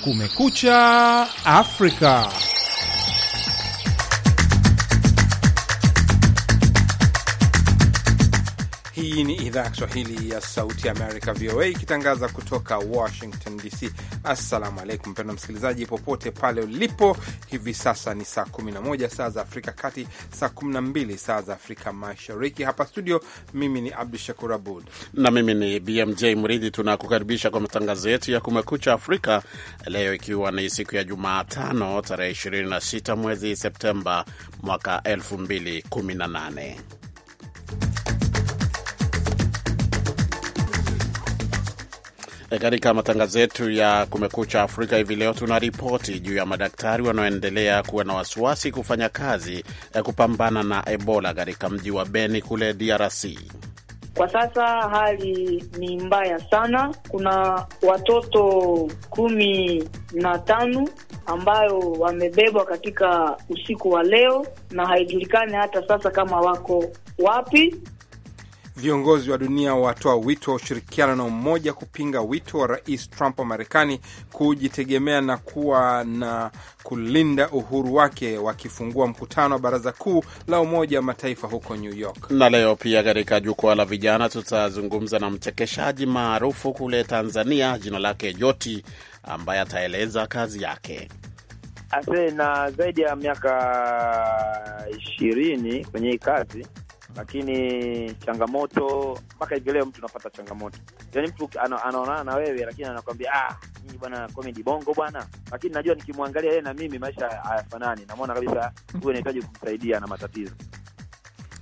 Kumekucha Afrika. Hii ni idhaa ya Kiswahili ya Sauti ya Amerika, VOA, ikitangaza kutoka Washington DC. Assalamu alaikum, mpendwa msikilizaji, popote pale ulipo. Hivi sasa ni saa 11 saa za Afrika Kati, saa 12 saa za Afrika Mashariki. Hapa studio, mimi ni Abdu Shakur Abud na mimi ni BMJ Mridhi. Tunakukaribisha kwa matangazo yetu ya Kumekucha Afrika leo, ikiwa ni siku ya Jumatano tarehe 26 mwezi Septemba mwaka 2018. E, katika matangazo yetu ya Kumekucha Afrika hivi leo, tuna ripoti juu ya madaktari wanaoendelea kuwa na wasiwasi kufanya kazi ya kupambana na Ebola katika mji wa Beni kule DRC. Kwa sasa hali ni mbaya sana. Kuna watoto kumi na tano ambayo wamebebwa katika usiku wa leo, na haijulikani hata sasa kama wako wapi. Viongozi wa dunia watoa wito wa ushirikiano na umoja kupinga wito wa Rais Trump wa Marekani kujitegemea na kuwa na kulinda uhuru wake, wakifungua mkutano wa Baraza Kuu la Umoja wa Mataifa huko New York. Na leo pia katika jukwaa la vijana tutazungumza na mchekeshaji maarufu kule Tanzania, jina lake Joti, ambaye ataeleza kazi yake ase na zaidi ya miaka ishirini kwenye hii kazi lakini changamoto mpaka hivi leo mtu anapata changamoto, yani mtu anaonana na wewe lakini anakwambia ah, mimi bwana comedy bongo bwana, lakini najua nikimwangalia yeye na mimi maisha hayafanani, namwona kabisa huyu anahitaji kumsaidia na matatizo.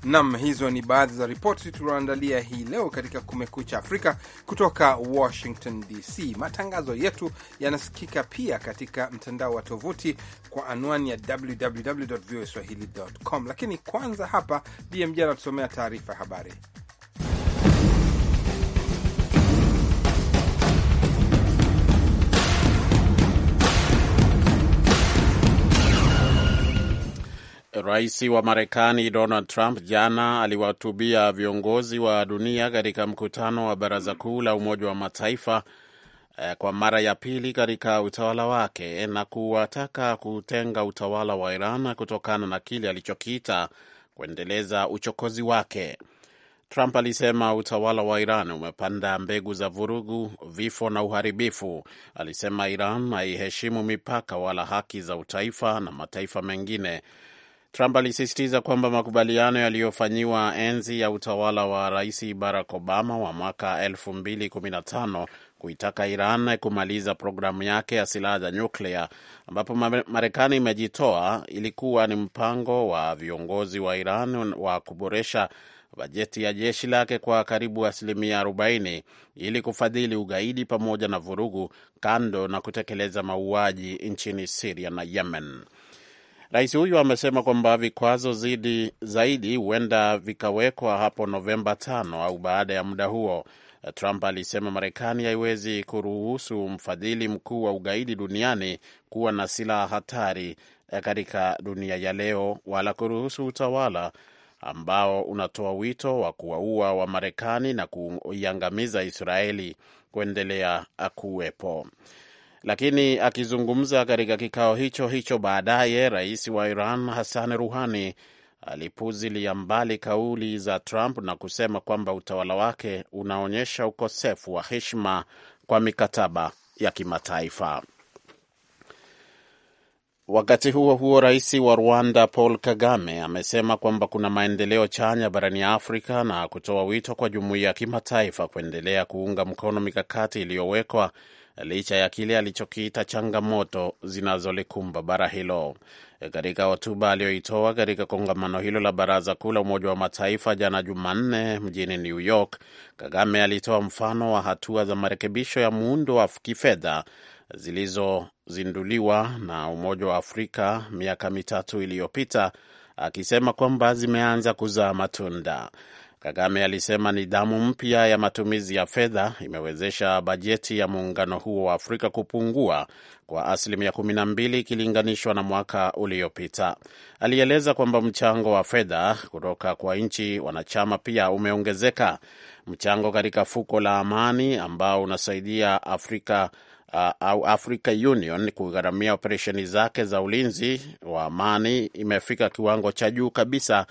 Nam, hizo ni baadhi za ripoti tulioandalia hii leo katika Kumekucha Afrika kutoka Washington DC. Matangazo yetu yanasikika pia katika mtandao wa tovuti kwa anwani ya www voa swahili com, lakini kwanza hapa BMJ anatusomea taarifa ya habari. Rais wa Marekani Donald Trump jana aliwahutubia viongozi wa dunia katika mkutano wa Baraza Kuu la Umoja wa Mataifa eh, kwa mara ya pili katika utawala wake na kuwataka kutenga utawala wa Iran kutokana na kile alichokiita kuendeleza uchokozi wake. Trump alisema utawala wa Iran umepanda mbegu za vurugu, vifo na uharibifu. Alisema Iran haiheshimu mipaka wala haki za utaifa na mataifa mengine Trump alisisitiza kwamba makubaliano yaliyofanyiwa enzi ya utawala wa Rais Barack Obama wa mwaka 2015 kuitaka Iran kumaliza programu yake ya silaha za nyuklia ambapo Marekani imejitoa ilikuwa ni mpango wa viongozi wa Iran wa kuboresha bajeti ya jeshi lake kwa karibu asilimia 40 ili kufadhili ugaidi pamoja na vurugu, kando na kutekeleza mauaji nchini Siria na Yemen. Rais huyu amesema kwamba vikwazo zidi zaidi huenda vikawekwa hapo Novemba tano au baada ya muda huo. Trump alisema Marekani haiwezi kuruhusu mfadhili mkuu wa ugaidi duniani kuwa na silaha hatari eh, katika dunia ya leo, wala kuruhusu utawala ambao unatoa wito wa kuwaua wa marekani na kuiangamiza Israeli kuendelea eh, kuwepo. Lakini akizungumza katika kikao hicho hicho baadaye, rais wa Iran Hassan Ruhani alipuzilia mbali kauli za Trump na kusema kwamba utawala wake unaonyesha ukosefu wa heshima kwa mikataba ya kimataifa. Wakati huo huo, rais wa Rwanda Paul Kagame amesema kwamba kuna maendeleo chanya barani Afrika na kutoa wito kwa jumuiya ya kimataifa kuendelea kuunga mkono mikakati iliyowekwa licha ya kile alichokiita changamoto zinazolikumba bara hilo. E, katika hotuba aliyoitoa katika kongamano hilo la baraza kuu la Umoja wa Mataifa jana Jumanne mjini New York, Kagame alitoa mfano wa hatua za marekebisho ya muundo wa kifedha zilizozinduliwa na Umoja wa Afrika miaka mitatu iliyopita, akisema kwamba zimeanza kuzaa matunda. Kagame alisema nidhamu mpya ya matumizi ya fedha imewezesha bajeti ya muungano huo wa Afrika kupungua kwa asilimia 12 ikilinganishwa na mwaka uliopita. Alieleza kwamba mchango wa fedha kutoka kwa nchi wanachama pia umeongezeka. Mchango katika fuko la amani ambao unasaidia Afrika Uh, au Africa Union kugharamia operesheni zake za ulinzi wa amani imefika kiwango cha juu kabisa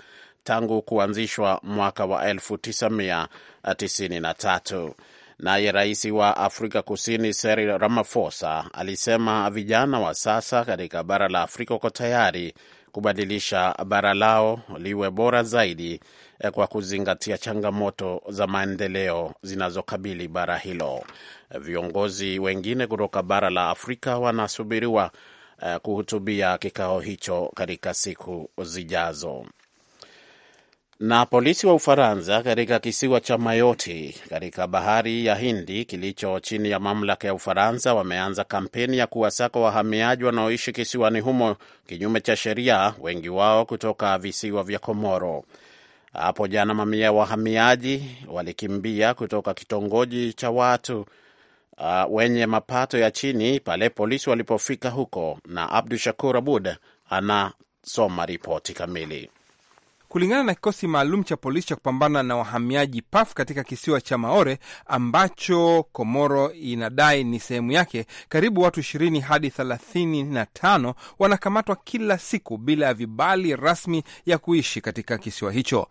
tangu kuanzishwa mwaka wa 1993. Naye rais wa Afrika Kusini Cyril Ramaphosa alisema vijana wa sasa katika bara la Afrika wako tayari kubadilisha bara lao liwe bora zaidi eh, kwa kuzingatia changamoto za maendeleo zinazokabili bara hilo. Viongozi wengine kutoka bara la Afrika wanasubiriwa eh, kuhutubia kikao hicho katika siku zijazo. Na polisi wa Ufaransa katika kisiwa cha Mayoti katika bahari ya Hindi kilicho chini ya mamlaka ya Ufaransa wameanza kampeni ya kuwasaka wahamiaji wanaoishi kisiwani humo kinyume cha sheria, wengi wao kutoka visiwa vya Komoro. Hapo jana mamia ya wahamiaji walikimbia kutoka kitongoji cha watu uh, wenye mapato ya chini pale polisi walipofika huko, na Abdu Shakur Abud anasoma ripoti kamili kulingana na kikosi maalum cha polisi cha kupambana na wahamiaji PAF katika kisiwa cha Maore ambacho Komoro inadai ni sehemu yake. Karibu watu ishirini hadi thelathini na tano wanakamatwa kila siku bila ya vibali rasmi ya kuishi katika kisiwa hicho.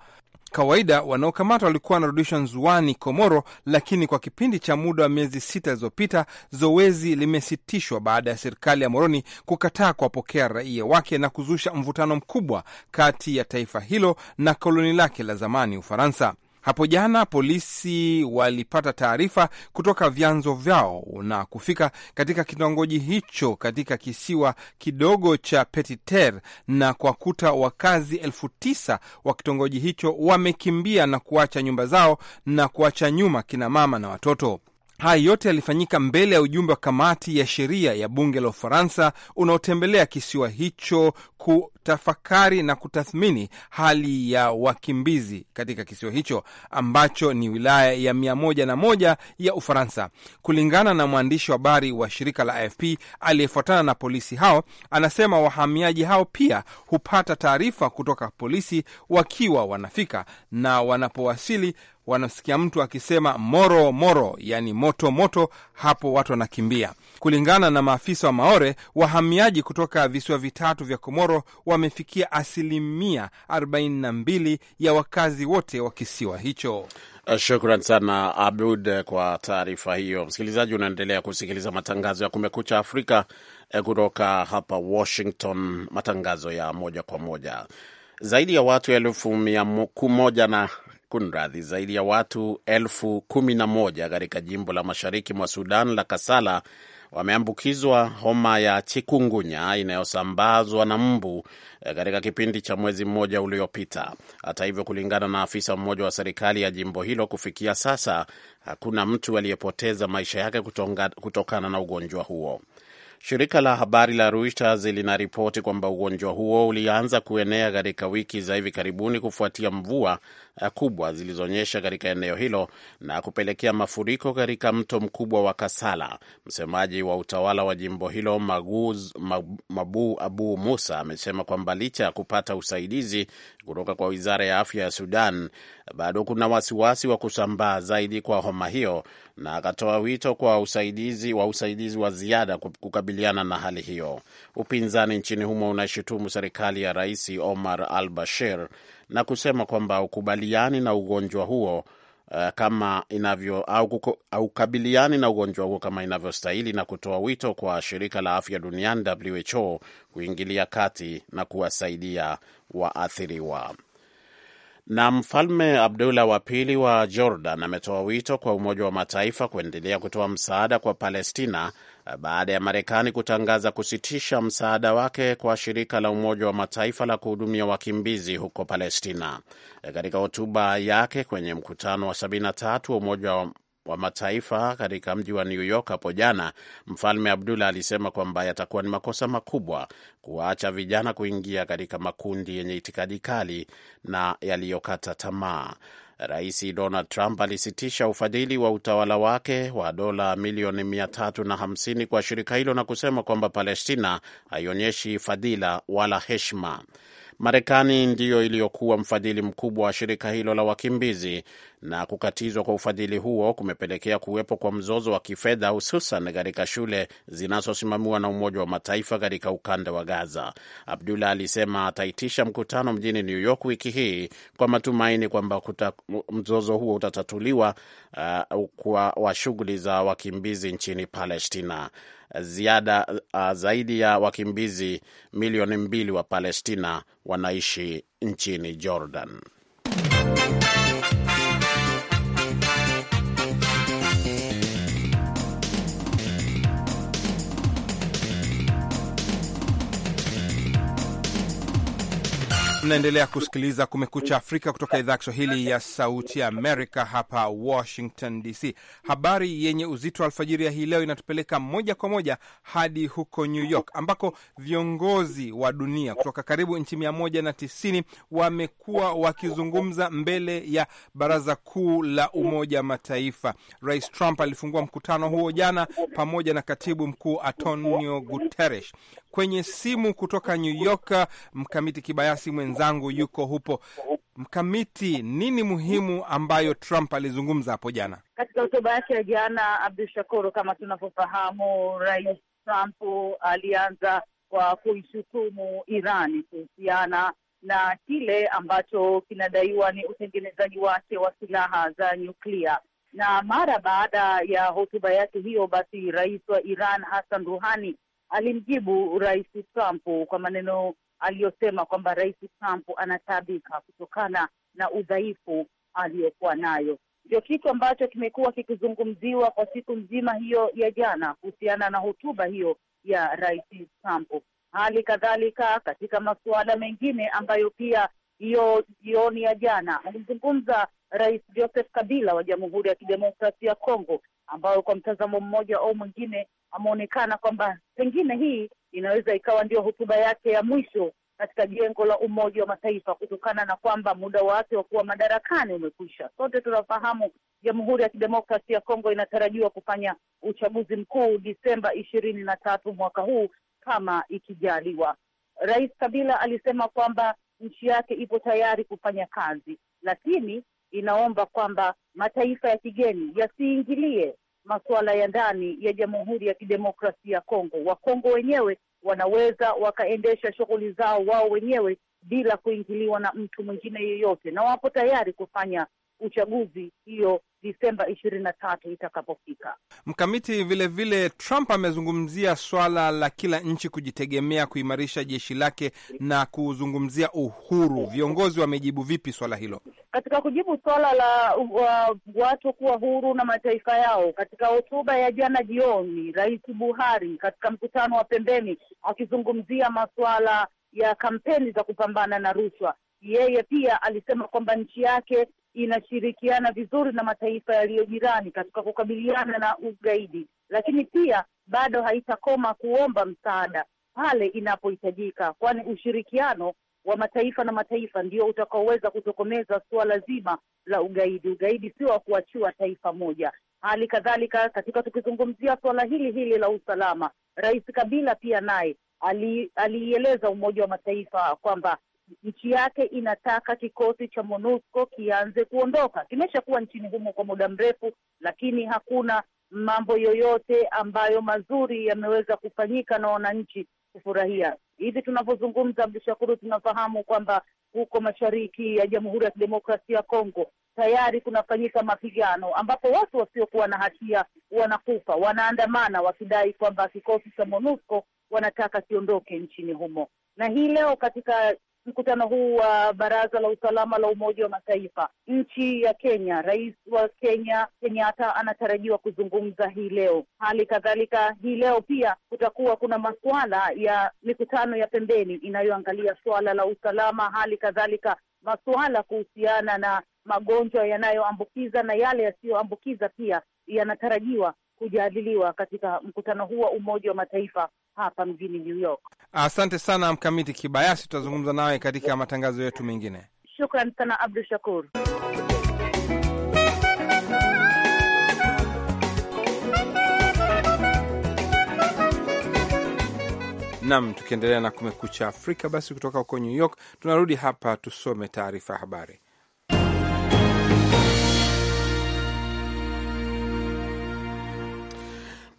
Kawaida wanaokamatwa walikuwa wanarudishwa nzuani Komoro, lakini kwa kipindi cha muda wa miezi sita ilizopita zoezi limesitishwa baada ya serikali ya Moroni kukataa kuwapokea raia wake na kuzusha mvutano mkubwa kati ya taifa hilo na koloni lake la zamani Ufaransa. Hapo jana polisi walipata taarifa kutoka vyanzo vyao na kufika katika kitongoji hicho katika kisiwa kidogo cha Petiter na kuwakuta wakazi elfu tisa wa kitongoji hicho wamekimbia na kuacha nyumba zao na kuacha nyuma kina mama na watoto. Haya yote yalifanyika mbele ya ujumbe wa kamati ya sheria ya bunge la Ufaransa unaotembelea kisiwa hicho kutafakari na kutathmini hali ya wakimbizi katika kisiwa hicho ambacho ni wilaya ya mia moja na moja ya Ufaransa. Kulingana na mwandishi wa habari wa shirika la AFP aliyefuatana na polisi hao, anasema wahamiaji hao pia hupata taarifa kutoka polisi wakiwa wanafika, na wanapowasili wanasikia mtu akisema moro moro, yani moto moto, hapo watu wanakimbia. Kulingana na maafisa wa Maore, wahamiaji kutoka visiwa vitatu vya Komoro Komoro wamefikia asilimia 42 ya wakazi wote wa kisiwa hicho. Eh, shukran sana Abud eh, kwa taarifa hiyo. Msikilizaji, unaendelea kusikiliza matangazo ya Kumekucha Afrika eh, kutoka hapa Washington, matangazo ya moja kwa moja. Zaidi ya watu elfu mia moja na kunradhi, zaidi ya watu elfu kumi na moja katika jimbo la mashariki mwa Sudan la Kasala wameambukizwa homa ya chikungunya inayosambazwa na mbu eh, katika kipindi cha mwezi mmoja uliopita. Hata hivyo, kulingana na afisa mmoja wa serikali ya jimbo hilo, kufikia sasa hakuna mtu aliyepoteza maisha yake kutokana na ugonjwa huo. Shirika la habari la Reuters linaripoti kwamba ugonjwa huo ulianza kuenea katika wiki za hivi karibuni kufuatia mvua eh, kubwa zilizonyesha katika eneo hilo na kupelekea mafuriko katika mto mkubwa wa Kasala. Msemaji wa utawala wa jimbo hilo Maguz, Mabu Abu Musa amesema kwamba licha ya kupata usaidizi kutoka kwa wizara ya afya ya Sudan, bado kuna wasiwasi wa kusambaa zaidi kwa homa hiyo, na akatoa wito kwa usaidizi wa usaidizi wa ziada kukabiliana na hali hiyo. Upinzani nchini humo unashutumu serikali ya Rais Omar al Bashir na kusema kwamba ukubaliani na ugonjwa huo Uh, kama inavyo au, au kabiliani na ugonjwa huo kama inavyostahili na kutoa wito kwa shirika la afya duniani WHO kuingilia kati na kuwasaidia waathiriwa. Na mfalme Abdullah wa pili wa Jordan ametoa wito kwa Umoja wa Mataifa kuendelea kutoa msaada kwa Palestina eh, baada ya Marekani kutangaza kusitisha msaada wake kwa shirika la Umoja wa Mataifa la kuhudumia wakimbizi huko Palestina. Eh, katika hotuba yake kwenye mkutano wa 73 wa Umoja wa wa Mataifa katika mji wa New York hapo jana, Mfalme Abdullah alisema kwamba yatakuwa ni makosa makubwa kuwaacha vijana kuingia katika makundi yenye itikadi kali na yaliyokata tamaa. Rais Donald Trump alisitisha ufadhili wa utawala wake wa dola milioni 350 kwa shirika hilo na kusema kwamba Palestina haionyeshi fadhila wala heshima. Marekani ndiyo iliyokuwa mfadhili mkubwa wa shirika hilo la wakimbizi na kukatizwa kwa ufadhili huo kumepelekea kuwepo kwa mzozo wa kifedha hususan katika shule zinazosimamiwa na Umoja wa Mataifa katika ukanda wa Gaza. Abdullah alisema ataitisha mkutano mjini New York wiki hii kwa matumaini kwamba mzozo huo utatatuliwa uh, kwa wa shughuli za wakimbizi nchini Palestina. Ziada uh, zaidi ya wakimbizi milioni mbili wa Palestina wanaishi nchini Jordan. Mnaendelea kusikiliza Kumekucha Afrika kutoka idhaa ya Kiswahili ya Sauti ya Amerika hapa Washington DC. Habari yenye uzito wa alfajiri ya hii leo inatupeleka moja kwa moja hadi huko New York ambako viongozi wa dunia kutoka karibu nchi mia moja na tisini wamekuwa wakizungumza mbele ya Baraza Kuu la Umoja Mataifa. Rais Trump alifungua mkutano huo jana pamoja na katibu mkuu Antonio Guterres. Kwenye simu kutoka New York, Mkamiti Kibayasi mwenzi mwenzangu yuko hupo. Mkamiti, nini muhimu ambayo Trump alizungumza hapo jana katika hotuba yake ya jana? Abdu Shakuru, kama tunavyofahamu, Rais Trump alianza kwa kuishutumu Irani kuhusiana na kile ambacho kinadaiwa ni utengenezaji wake wa silaha za nyuklia, na mara baada ya hotuba yake hiyo, basi rais wa Iran Hassan Ruhani alimjibu Rais Trump kwa maneno aliyosema kwamba Rais Trump anatabika kutokana na udhaifu aliyokuwa nayo. Ndio kitu ambacho kimekuwa kikizungumziwa kwa siku nzima hiyo ya jana kuhusiana na hotuba hiyo ya Rais Trump. Hali kadhalika katika masuala mengine ambayo pia hiyo jioni ya jana alizungumza Rais Joseph Kabila wa Jamhuri ya Kidemokrasia ya Kongo, ambayo kwa mtazamo mmoja au mwingine ameonekana kwamba pengine hii inaweza ikawa ndiyo hotuba yake ya mwisho katika jengo la Umoja wa Mataifa kutokana na kwamba muda wake wa kuwa madarakani umekwisha. Sote tunafahamu Jamhuri ya Kidemokrasi ya Kongo inatarajiwa kufanya uchaguzi mkuu Disemba ishirini na tatu mwaka huu kama ikijaliwa. Rais Kabila alisema kwamba nchi yake ipo tayari kufanya kazi, lakini inaomba kwamba mataifa ya kigeni yasiingilie masuala ya ndani ya Jamhuri ya Kidemokrasia ya Kongo. Wakongo wenyewe wanaweza wakaendesha shughuli zao wao wenyewe bila kuingiliwa na mtu mwingine yeyote, na wapo tayari kufanya uchaguzi hiyo Disemba ishirini na tatu itakapofika. Mkamiti, vilevile Trump amezungumzia swala la kila nchi kujitegemea, kuimarisha jeshi lake na kuzungumzia uhuru. Viongozi wamejibu vipi swala hilo? Katika kujibu swala la uh, watu kuwa huru na mataifa yao, katika hotuba ya jana jioni, Rais Buhari katika mkutano wa pembeni akizungumzia masuala ya kampeni za kupambana na rushwa, yeye pia alisema kwamba nchi yake inashirikiana vizuri na mataifa yaliyo jirani katika kukabiliana na ugaidi, lakini pia bado haitakoma kuomba msaada pale inapohitajika, kwani ushirikiano wa mataifa na mataifa ndio utakaoweza kutokomeza suala zima la ugaidi. Ugaidi sio wa kuachiwa taifa moja. Hali kadhalika katika tukizungumzia suala hili hili la usalama, Rais Kabila pia naye aliieleza Umoja wa Mataifa kwamba nchi yake inataka kikosi cha MONUSCO kianze kuondoka. Kimeshakuwa nchini humo kwa muda mrefu, lakini hakuna mambo yoyote ambayo mazuri yameweza kufanyika na wananchi kufurahia. Hivi tunavyozungumza, Abdu Shakuru, tunafahamu kwamba huko mashariki ya Jamhuri ya Kidemokrasia ya Kongo tayari kunafanyika mapigano ambapo watu wasiokuwa na hatia wanakufa, wanaandamana wakidai kwamba kikosi cha MONUSCO wanataka kiondoke nchini humo. Na hii leo katika mkutano huu wa Baraza la Usalama la Umoja wa Mataifa. Nchi ya Kenya, Rais wa Kenya Kenyatta anatarajiwa kuzungumza hii leo. Hali kadhalika, hii leo pia kutakuwa kuna masuala ya mikutano ya pembeni inayoangalia suala la usalama, hali kadhalika masuala kuhusiana na magonjwa yanayoambukiza na yale yasiyoambukiza pia yanatarajiwa kujadiliwa katika mkutano huu wa Umoja wa Mataifa hapa mjini New York. Asante sana Mkamiti Kibayasi, tutazungumza nawe katika matangazo yetu mengine. Shukran sana Abdu Shakur. Nam, tukiendelea na Kumekucha Afrika, basi kutoka huko New York tunarudi hapa tusome taarifa ya habari.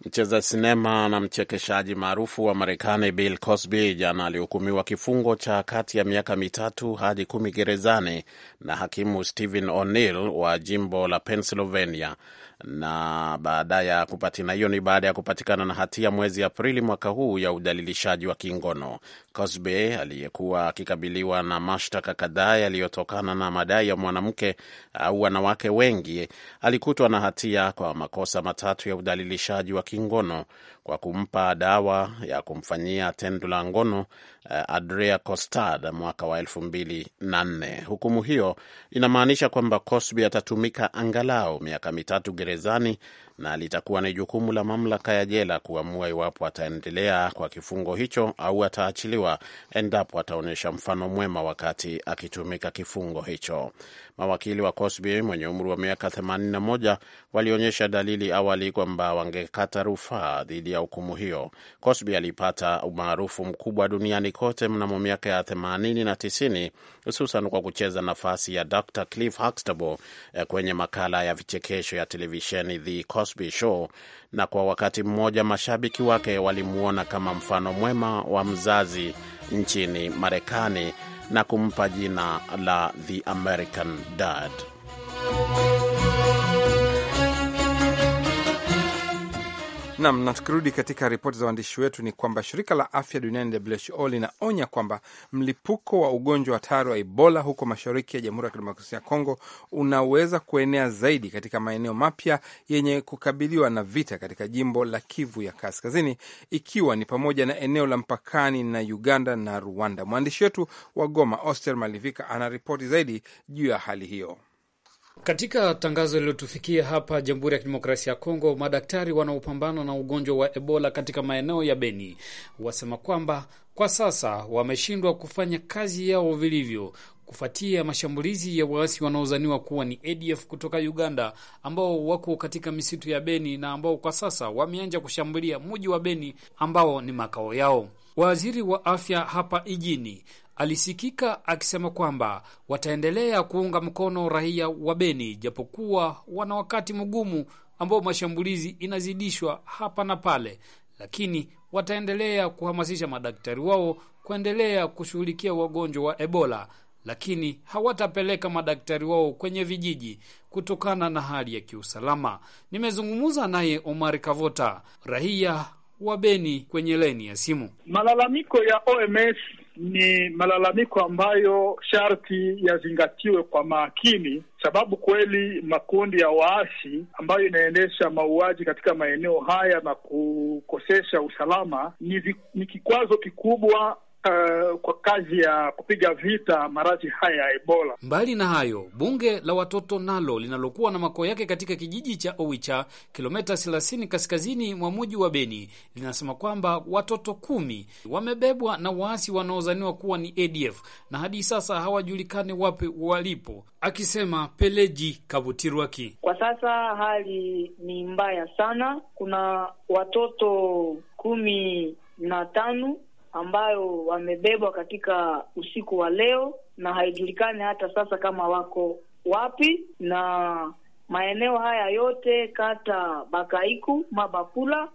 Mcheza sinema na mchekeshaji maarufu wa Marekani Bill Cosby jana alihukumiwa kifungo cha kati ya miaka mitatu hadi kumi gerezani na hakimu Stephen O'Neill wa jimbo la Pennsylvania na baada ya kupatina hiyo ni baada ya kupatikana na hatia mwezi Aprili mwaka huu ya udhalilishaji wa kingono. Cosby aliyekuwa akikabiliwa na mashtaka kadhaa yaliyotokana na madai ya mwanamke au wanawake wengi, alikutwa na hatia kwa makosa matatu ya udhalilishaji wa kingono kwa kumpa dawa ya kumfanyia tendo la ngono eh, Andrea Costad mwaka wa elfu mbili na nne. Hukumu hiyo inamaanisha kwamba Cosby atatumika angalau miaka mitatu gerezani na litakuwa ni jukumu la mamlaka ya jela kuamua iwapo ataendelea kwa kifungo hicho au ataachiliwa endapo ataonyesha mfano mwema wakati akitumika kifungo hicho. Mawakili wa Cosby mwenye umri wa miaka 81 walionyesha dalili awali kwamba wangekata rufaa dhidi ya hukumu hiyo. Cosby alipata umaarufu mkubwa duniani kote mnamo miaka ya 80 na 90, hususan kwa kucheza nafasi ya Dr Cliff Huxtable eh, kwenye makala ya vichekesho ya televisheni The Cosby Show, na kwa wakati mmoja mashabiki wake walimwona kama mfano mwema wa mzazi nchini Marekani na kumpa jina la The American Dad. Nam, na tukirudi katika ripoti za waandishi wetu ni kwamba shirika la afya duniani WHO linaonya kwamba mlipuko wa ugonjwa hatari wa Ebola huko mashariki ya Jamhuri ya Kidemokrasia ya Kongo unaweza kuenea zaidi katika maeneo mapya yenye kukabiliwa na vita katika jimbo la Kivu ya Kaskazini, ikiwa ni pamoja na eneo la mpakani na Uganda na Rwanda. Mwandishi wetu wa Goma, Oster Malivika, ana ripoti zaidi juu ya hali hiyo. Katika tangazo lililotufikia hapa Jamhuri ya Kidemokrasia ya Kongo, madaktari wanaopambana na ugonjwa wa Ebola katika maeneo ya Beni wasema kwamba kwa sasa wameshindwa kufanya kazi yao vilivyo kufuatia mashambulizi ya waasi wanaozaniwa kuwa ni ADF kutoka Uganda ambao wako katika misitu ya Beni na ambao kwa sasa wameanza kushambulia mji wa Beni ambao ni makao yao. Waziri wa afya hapa ijini alisikika akisema kwamba wataendelea kuunga mkono raia wa Beni japokuwa wana wakati mgumu ambao mashambulizi inazidishwa hapa na pale, lakini wataendelea kuhamasisha madaktari wao kuendelea kushughulikia wagonjwa wa Ebola, lakini hawatapeleka madaktari wao kwenye vijiji kutokana na hali ya kiusalama. Nimezungumza naye Omar Kavota, raia wa Beni, kwenye laini ya simu. Malalamiko ya OMS ni malalamiko ambayo sharti yazingatiwe kwa makini, sababu kweli makundi ya waasi ambayo inaendesha mauaji katika maeneo haya na kukosesha usalama ni, ni kikwazo kikubwa uh, kwa kazi ya kupiga vita maradhi haya ya Ebola. Mbali na hayo, bunge la watoto nalo linalokuwa na makao yake katika kijiji cha Owicha, kilomita 30 kaskazini mwa mji wa Beni, linasema kwamba watoto kumi wamebebwa na waasi wanaozaniwa kuwa ni ADF na hadi sasa hawajulikani wapi walipo, akisema Peleji Kabutirwaki. Kwa sasa hali ni mbaya sana, kuna watoto kumi na tano ambayo wamebebwa katika usiku wa leo, na haijulikani hata sasa kama wako wapi. Na maeneo haya yote kata Bakaiku, Mabakula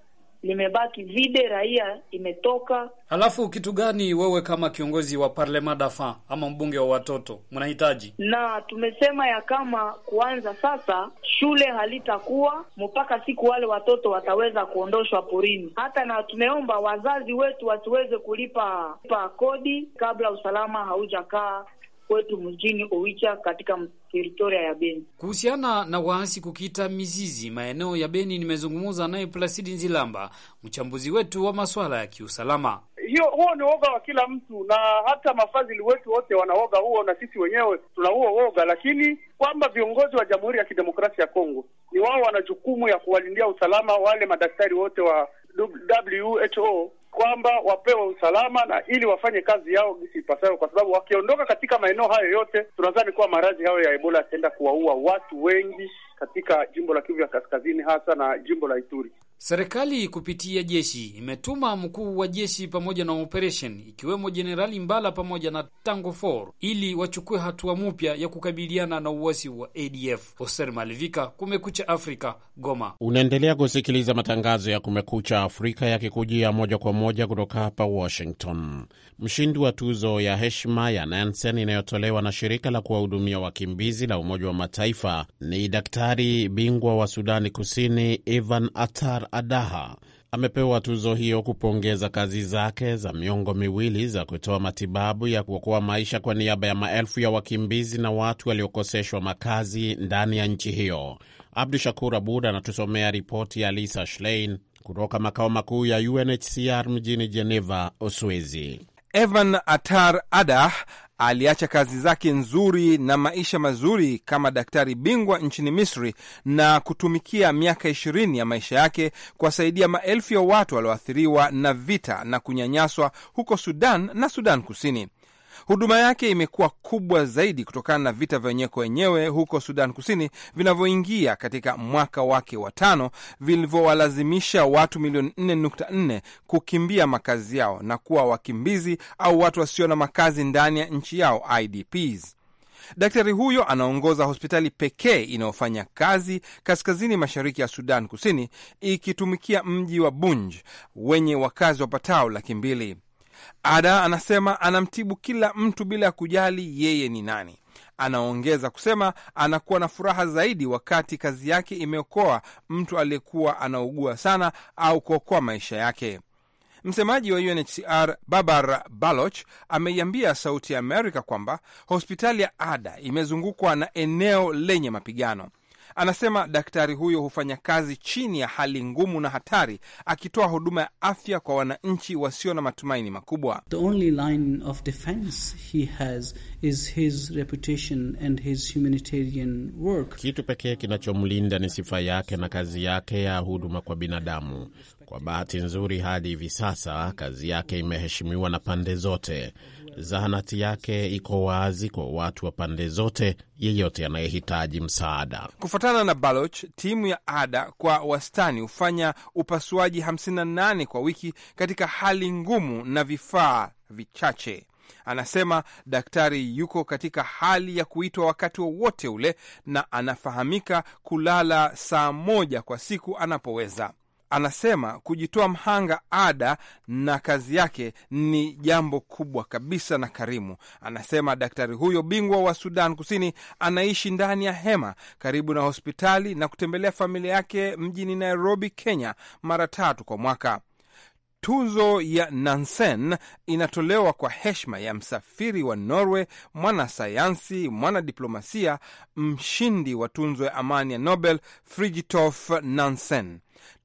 limebaki vide, raia imetoka. alafu kitu gani wewe kama kiongozi wa Parlement dafa ama mbunge wa watoto mnahitaji? Na tumesema ya kama kuanza sasa shule halitakuwa mpaka siku wale watoto wataweza kuondoshwa porini. Hata na tumeomba wazazi wetu wasiweze kulipa pa kodi kabla usalama haujakaa kwetu mjini Oicha katika teritoria ya Beni. Kuhusiana na waasi kukita mizizi maeneo ya Beni, nimezungumza naye Plasidi Nzilamba, mchambuzi wetu wa masuala ya kiusalama. Hiyo huo ni woga wa kila mtu, na hata mafadhili wetu wote wanaoga huo, na sisi wenyewe tuna huo woga, lakini kwamba viongozi wa Jamhuri ya Kidemokrasia ya Kongo ni wao wana jukumu ya kuwalindia usalama wale madaktari wote wa WHO kwamba wapewe usalama na ili wafanye kazi yao gisi ipasayo, kwa sababu wakiondoka katika maeneo hayo yote, tunadhani kuwa maradhi hayo ya Ebola yataenda kuwaua watu wengi katika jimbo la Kivu ya Kaskazini hasa na jimbo la Ituri. Serikali kupitia jeshi imetuma mkuu wa jeshi pamoja na operation ikiwemo Jenerali Mbala pamoja na Tango Four ili wachukue hatua mpya ya kukabiliana na uasi wa ADF. Hoser Malivika, Kumekucha Afrika, Goma. Unaendelea kusikiliza matangazo ya Kumekucha Afrika yakikujia moja kwa moja kutoka hapa Washington. Mshindi wa tuzo ya heshima ya Nansen inayotolewa na shirika la kuwahudumia wakimbizi la Umoja wa Mataifa ni daktari bingwa wa Sudani Kusini Ivan Atar Adaha amepewa tuzo hiyo kupongeza kazi zake za miongo miwili za kutoa matibabu ya kuokoa maisha kwa niaba ya maelfu ya wakimbizi na watu waliokoseshwa makazi ndani ya nchi hiyo. Abdu Shakur Abud anatusomea ripoti ya Lisa Schlein kutoka makao makuu ya UNHCR mjini Geneva, Uswizi. Evan Atar Adah Aliacha kazi zake nzuri na maisha mazuri kama daktari bingwa nchini Misri na kutumikia miaka ishirini ya maisha yake kuwasaidia maelfu ya watu walioathiriwa na vita na kunyanyaswa huko Sudan na Sudan Kusini. Huduma yake imekuwa kubwa zaidi kutokana na vita vya wenyewe kwa wenyewe huko Sudan Kusini vinavyoingia katika mwaka wake wa tano, vilivyowalazimisha watu milioni 4.4 kukimbia makazi yao na kuwa wakimbizi au watu wasio na makazi ndani ya nchi yao IDPs. Daktari huyo anaongoza hospitali pekee inayofanya kazi kaskazini mashariki ya Sudan Kusini, ikitumikia mji wa Bunj wenye wakazi wapatao laki mbili. Ada anasema anamtibu kila mtu bila ya kujali yeye ni nani. Anaongeza kusema anakuwa na furaha zaidi wakati kazi yake imeokoa mtu aliyekuwa anaugua sana au kuokoa maisha yake. Msemaji wa UNHCR Babar Baloch ameiambia Sauti ya Amerika kwamba hospitali ya Ada imezungukwa na eneo lenye mapigano. Anasema daktari huyo hufanya kazi chini ya hali ngumu na hatari, akitoa huduma ya afya kwa wananchi wasio na matumaini makubwa. The only line of defense he has is his reputation and his humanitarian work. Kitu pekee kinachomlinda ni sifa yake na kazi yake ya huduma kwa binadamu. Kwa bahati nzuri, hadi hivi sasa kazi yake imeheshimiwa na pande zote. Zahanati yake iko wazi kwa watu wa pande zote, yeyote anayehitaji msaada. Kufuatana na Baloch, timu ya ada kwa wastani hufanya upasuaji 58 kwa wiki katika hali ngumu na vifaa vichache. Anasema daktari yuko katika hali ya kuitwa wakati wowote ule, na anafahamika kulala saa moja kwa siku anapoweza anasema kujitoa mhanga ada na kazi yake ni jambo kubwa kabisa na karimu. Anasema daktari huyo bingwa wa Sudan Kusini anaishi ndani ya hema karibu na hospitali na kutembelea familia yake mjini Nairobi, Kenya mara tatu kwa mwaka. Tuzo ya Nansen inatolewa kwa heshima ya msafiri wa Norway, mwanasayansi, mwanadiplomasia, mshindi wa tunzo ya amani ya Nobel Fridtjof Nansen.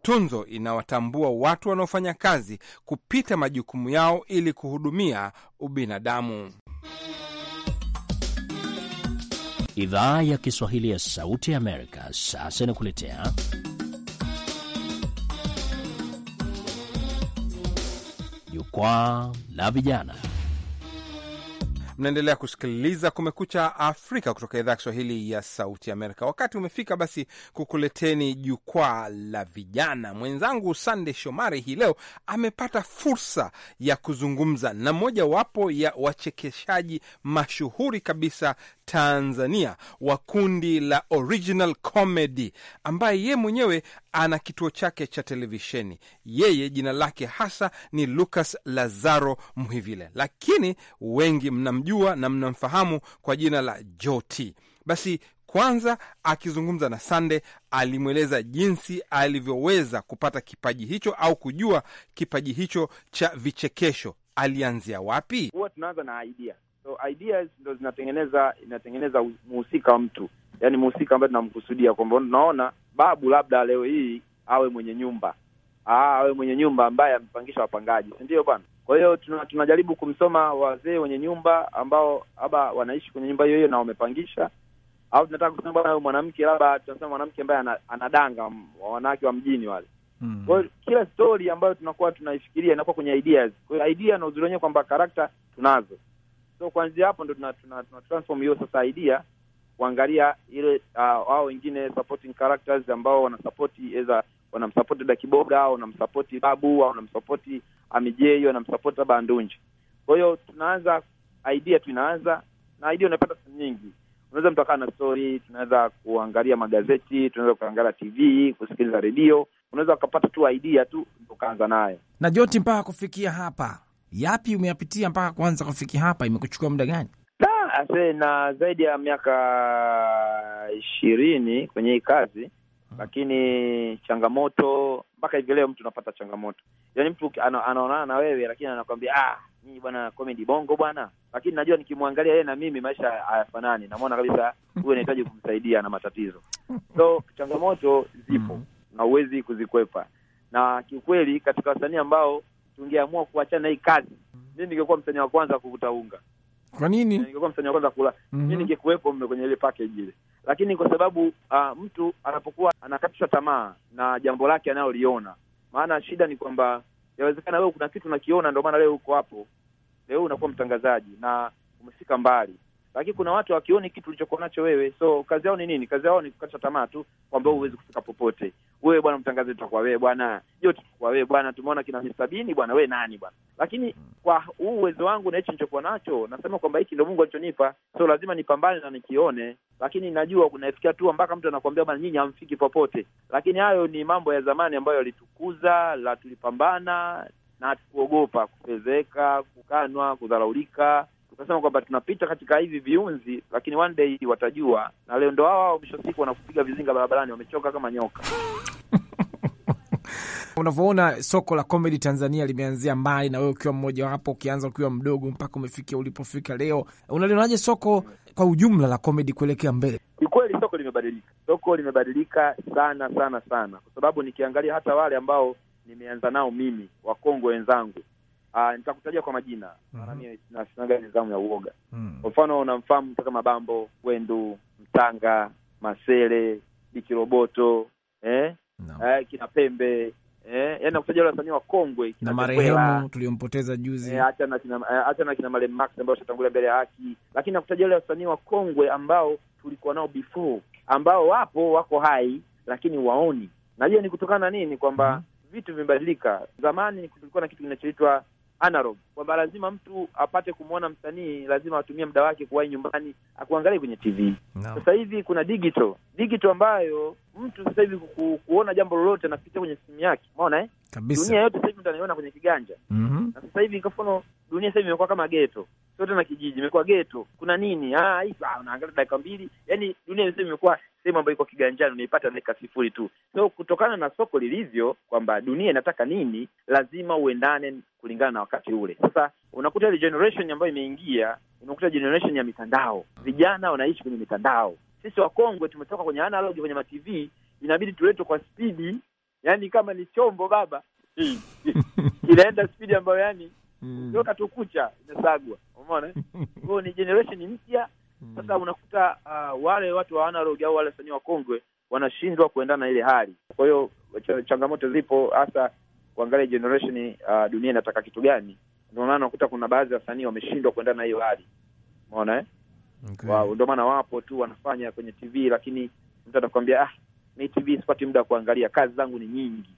Tunzo inawatambua watu wanaofanya kazi kupita majukumu yao ili kuhudumia ubinadamu. Idhaa ya Kiswahili ya Sauti ya Amerika sasa inakuletea jukwaa la vijana. Mnaendelea kusikiliza Kumekucha Afrika kutoka idhaa ya Kiswahili ya Sauti Amerika. Wakati umefika basi kukuleteni jukwaa la vijana. Mwenzangu Sande Shomari hii leo amepata fursa ya kuzungumza na mojawapo ya wachekeshaji mashuhuri kabisa Tanzania wa kundi la Original Comedy ambaye ye mwenyewe ana kituo chake cha televisheni. Yeye jina lake hasa ni Lucas Lazaro Mhivile, lakini wengi mnamjua na mnamfahamu kwa jina la Joti. Basi kwanza akizungumza na Sande alimweleza jinsi alivyoweza kupata kipaji hicho au kujua kipaji hicho cha vichekesho. Alianzia wapi? Huwa tunaanza na idea, so ideas ndo zinatengeneza inatengeneza muhusika wa mtu yani mhusika ambaye tunamkusudia kwamba tunaona babu labda leo hii awe mwenye nyumba Aa, ah, awe mwenye nyumba ambaye amepangisha wapangaji, si ndio bwana? Kwa hiyo tuna, tunajaribu kumsoma wazee wenye nyumba ambao labda wanaishi kwenye nyumba hiyo hiyo na wamepangisha, au tunataka kusema bwana, mwanamke labda tunasema mwanamke ambaye anadanga wanawake wa mjini wale hmm. Kwa hiyo kila story ambayo tunakuwa tunaifikiria inakuwa kwenye ideas. Kwa hiyo idea na uzuri wenyewe kwamba karakta tunazo, so kuanzia hapo ndo tuna, tuna, tuna transform hiyo sasa idea kuangalia ile wao ah, uh, wengine supporting characters ambao wanasapoti eza wanamsapoti Dakiboga, wanamsapoti Babu, au wanamsapoti Amijei, wanamsapota Bandunji. Kwa hiyo tunaanza idea tu inaanza na idea, unapata sehemu nyingi, unaweza mtu akaa na story, tunaweza kuangalia magazeti, tunaweza kuangalia TV, kusikiliza redio, unaweza ukapata tu idea tu ndio kaanza nayo. Na Joti, mpaka kufikia hapa, yapi umeyapitia mpaka kuanza kufikia hapa? Imekuchukua muda gani? ase na zaidi ya miaka ishirini kwenye hii kazi, lakini changamoto mpaka hivi leo mtu unapata changamoto, yaani mtu anaonana na wewe lakini anakwambia ah, nyinyi bwana comedy bongo bwana, lakini najua nikimwangalia yeye na mimi maisha hayafanani, namwona kabisa huyu anahitaji kumsaidia na matatizo. So changamoto zipo mm -hmm. na huwezi kuzikwepa, na kiukweli katika wasanii ambao tungeamua kuachana hii kazi, mimi ningekuwa msanii wa kwanza kuvuta unga kwa nini? Ningekuwa msanii wa kwanza kula mm -hmm. Mi ningekuwepo mme kwenye ile package ile, lakini kwa sababu uh, mtu anapokuwa anakatishwa tamaa na jambo lake anayoliona maana shida ni kwamba yawezekana wewe kuna kitu unakiona, ndio maana leo uko hapo, leo unakuwa mtangazaji na umefika mbali, lakini kuna watu wakioni kitu ulichokuwa nacho wewe, so kazi yao ni nini? Kazi yao ni kukata tamaa tu kwamba huwezi kufika popote. Wewe bwana mtangazaji, tutakuwa wewe bwana, yote tutakuwa wewe bwana, tumeona kina sabini bwana, wewe nani bwana. Lakini kwa huu uwezo wangu na hichi nilichokuwa nacho, nasema kwamba hiki ndio Mungu alichonipa, so lazima nipambane na nikione, lakini najua kunafikia tu mpaka mtu anakuambia bwana, nyinyi hamfiki popote. Lakini hayo ni mambo ya zamani ambayo yalitukuza, la tulipambana na hatukuogopa kufezeka, kukanwa, kudharaulika tukasema kwamba tunapita katika hivi viunzi, lakini one day watajua, na leo ndo hao hao mwisho siku wanakupiga vizinga barabarani, wamechoka kama nyoka. Unavyoona soko la comedy Tanzania limeanzia mbali, na wewe ukiwa mmoja wapo, ukianza ukiwa mdogo mpaka umefikia ulipofika leo, unalionaje soko kwa ujumla la comedy kuelekea mbele? kweli soko limebadilika, soko limebadilika sana sana sana, kwa sababu nikiangalia hata wale ambao nimeanza nao mimi, wakongwe wenzangu Uh, nitakutajia kwa majina mhm. maana mm -hmm. mimi sinaga nidhamu ya uoga mm. Kwa mfano unamfahamu mtu kama Bambo Wendu, Mtanga, Masele, bikiroboto eh? No. Eh, kina Pembe eh? Yaani nakutajia wale wasanii wa kongwe na marehemu tuliompoteza juzi eh, hata na kina eh, hata na kina Male Max ambao shatangulia mbele ya haki, lakini nakutajia wale wasanii wa kongwe ambao tulikuwa nao before ambao wapo wako hai lakini waoni. Najua ni kutokana na nini kwamba mm -hmm. vitu vimebadilika. Zamani kulikuwa na kitu kinachoitwa anarob kwamba lazima mtu apate kumwona msanii, lazima atumie muda wake kuwahi nyumbani akuangalie kwenye TV no. Sasa hivi kuna digital digital ambayo mtu sasa hivi ku, kuona jambo lolote anapitia kwenye simu yake, umeona eh? kabisa. Dunia yote sasa hivi ndio anaiona kwenye kiganja mm -hmm. Na sasa hivi kwa mfano dunia sasa hivi imekuwa kama geto, sio tena kijiji, imekuwa geto. Kuna nini? Ah, hii ah, unaangalia dakika mbili, yani dunia sasa hivi imekuwa sehemu ambayo iko kiganjani, unaipata dakika sifuri tu. So kutokana na soko lilivyo, kwamba dunia inataka nini, lazima uendane kulingana na wakati ule. Sasa unakuta ile generation ambayo imeingia, unakuta generation ya mitandao, vijana wanaishi kwenye mitandao. Sisi wakongwe tumetoka kwenye analog, kwenye ma TV, inabidi tuletwe kwa spidi yani kama ni chombo baba inaenda spidi ambayo yani ukioka hmm. mm. kucha inasagwa, umeona. Kwa ni generation mpya sasa. Hmm. Unakuta uh, wale watu wa analog au wale wasanii wakongwe wanashindwa kuendana na ile hali. Kwa hiyo ch changamoto zipo, hasa kuangalia generation uh, dunia inataka kitu gani. Ndio maana unakuta kuna baadhi ya wasanii wameshindwa kuendana na hiyo hali, umeona eh? Okay. Wow, ndio maana wapo tu wanafanya kwenye TV, lakini mtu atakwambia ah, TV sipati muda wa kuangalia, kazi zangu ni nyingi,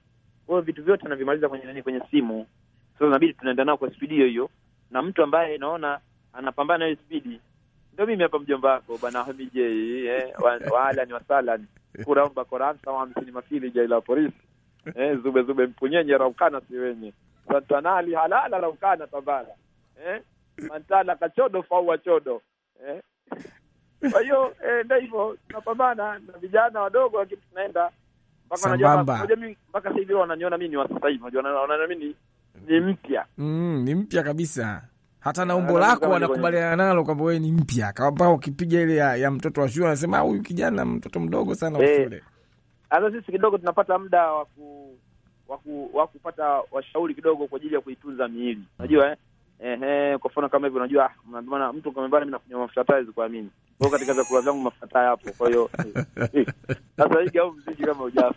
kwa hiyo vitu vyote navimaliza kwenye nini, kwenye simu. Sasa inabidi tunaenda nao kwa spidi hiyo hiyo, na mtu ambaye naona anapambana na hiyo spidi ndio mimi hapa, mjomba wako bwana Hamid J, eh waalani wasalani kuraomba koransa msini mafili jaila polisi eh, zube zube mpunyenye raukana si wenye santanali halala raukana tabala eh mantala kachodo wa chodo eh kwa hiyo eh, ndio hivyo, tunapambana na vijana wadogo, lakini tunaenda mpaka sasa hivi wananiona mimi ni wa sasa hivi, wanaona mimi ni mpya, mm, ni mpya kabisa hata na eh, umbo lako wanakubaliana nalo kwamba wewe ni mpya, kama ukipiga ile ya, ya mtoto wa shule anasema ah, huyu kijana mtoto mdogo sana wa eh, shule. Hata sisi kidogo tunapata muda wa ku wa kupata washauri kidogo kwa ajili ya kuitunza miili, unajua eh? ehe, kwa mfano kama hivi, unajua ndio maana mtu kama mbana, mimi nakunywa mafuta kwa mimi kwa katika chakula zangu mafuta hapo. Kwa hiyo eh, eh. sasa hiki au mziki kama ujafu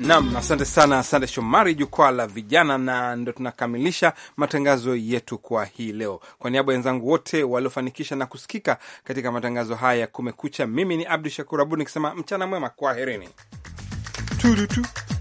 Nam, asante sana, asante Shomari. Jukwaa la Vijana, na ndo tunakamilisha matangazo yetu kwa hii leo. Kwa niaba ya wenzangu wote waliofanikisha na kusikika katika matangazo haya ya Kumekucha, mimi ni Abdu Shakur Abud nikisema mchana mwema, kwaherini tudutu.